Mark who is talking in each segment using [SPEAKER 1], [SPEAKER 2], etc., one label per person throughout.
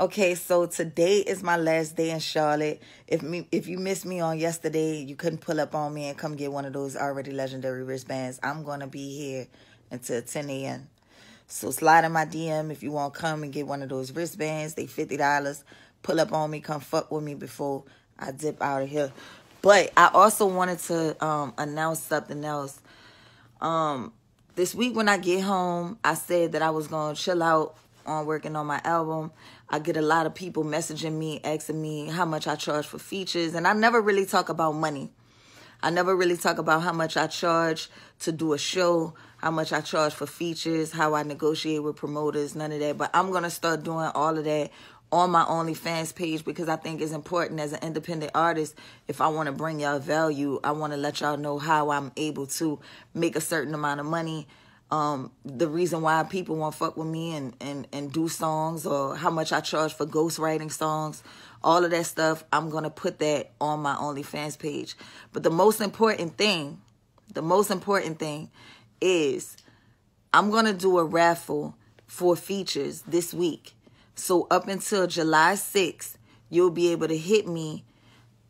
[SPEAKER 1] Okay, so today is my last day in Charlotte. If me if you missed me on yesterday, you couldn't pull up on me and come get one of those already legendary wristbands. I'm gonna be here until 10 a.m. So slide in my DM if you want to come and get one of those wristbands. They $50. Pull up on me. Come fuck with me before I dip out of here. But I also wanted to um, announce something else. Um, this week when I get home, I said that I was going to chill out on um, working on my album. I get a lot of people messaging me, asking me how much I charge for features, and I never really talk about money. I never really talk about how much I charge to do a show, how much I charge for features, how I negotiate with promoters, none of that. But I'm going to start doing all of that on my OnlyFans page because I think it's important as an independent artist. If I want to bring y'all value, I want to let y'all know how I'm able to make a certain amount of money um, the reason why people won't fuck with me and, and, and do songs or how much I charge for ghostwriting songs, all of that stuff, I'm going to put that on my OnlyFans page. But the most important thing, the most important thing is I'm going to do a raffle for features this week. So up until July 6th, you'll be able to hit me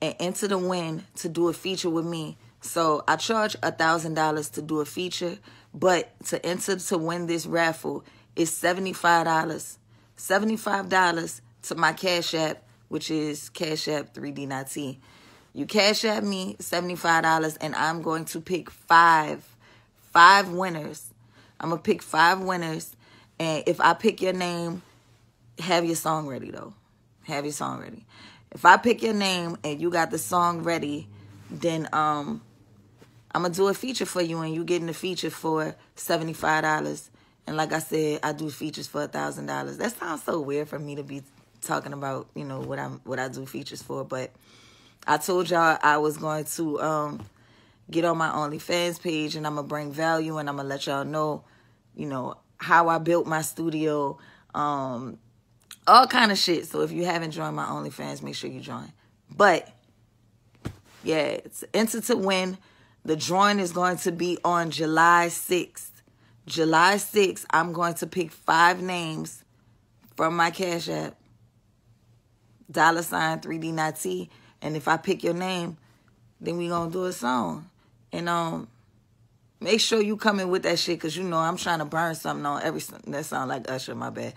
[SPEAKER 1] and enter the win to do a feature with me so I charge a thousand dollars to do a feature, but to enter to win this raffle is seventy five dollars. Seventy five dollars to my Cash App, which is Cash App 3 d 9 You Cash App me seventy five dollars, and I'm going to pick five, five winners. I'm gonna pick five winners, and if I pick your name, have your song ready though. Have your song ready. If I pick your name and you got the song ready, then um I'm gonna do a feature for you, and you getting a feature for seventy five dollars. And like I said, I do features for a thousand dollars. That sounds so weird for me to be talking about, you know, what I'm what I do features for. But I told y'all I was going to um, get on my OnlyFans page, and I'm gonna bring value, and I'm gonna let y'all know, you know, how I built my studio, um, all kind of shit. So if you haven't joined my OnlyFans, make sure you join. But yeah, it's enter to win. The drawing is going to be on July 6th. July 6th, I'm going to pick five names from my Cash App, dollar sign 3 d And if I pick your name, then we going to do a song. And um, make sure you come in with that shit because you know I'm trying to burn something on every. That sound like Usher, my bad.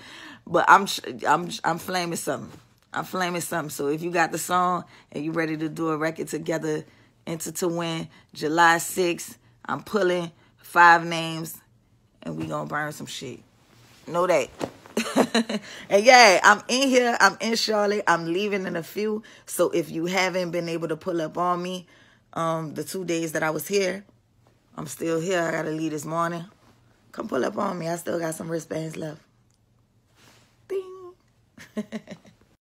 [SPEAKER 1] But I'm I'm I'm flaming something. I'm flaming something. So if you got the song and you ready to do a record together, Enter to win July 6th. I'm pulling five names and we gonna burn some shit. Know that. and yeah, I'm in here. I'm in Charlotte. I'm leaving in a few. So if you haven't been able to pull up on me, um, the two days that I was here, I'm still here. I gotta leave this morning. Come pull up on me. I still got some wristbands left. Ding.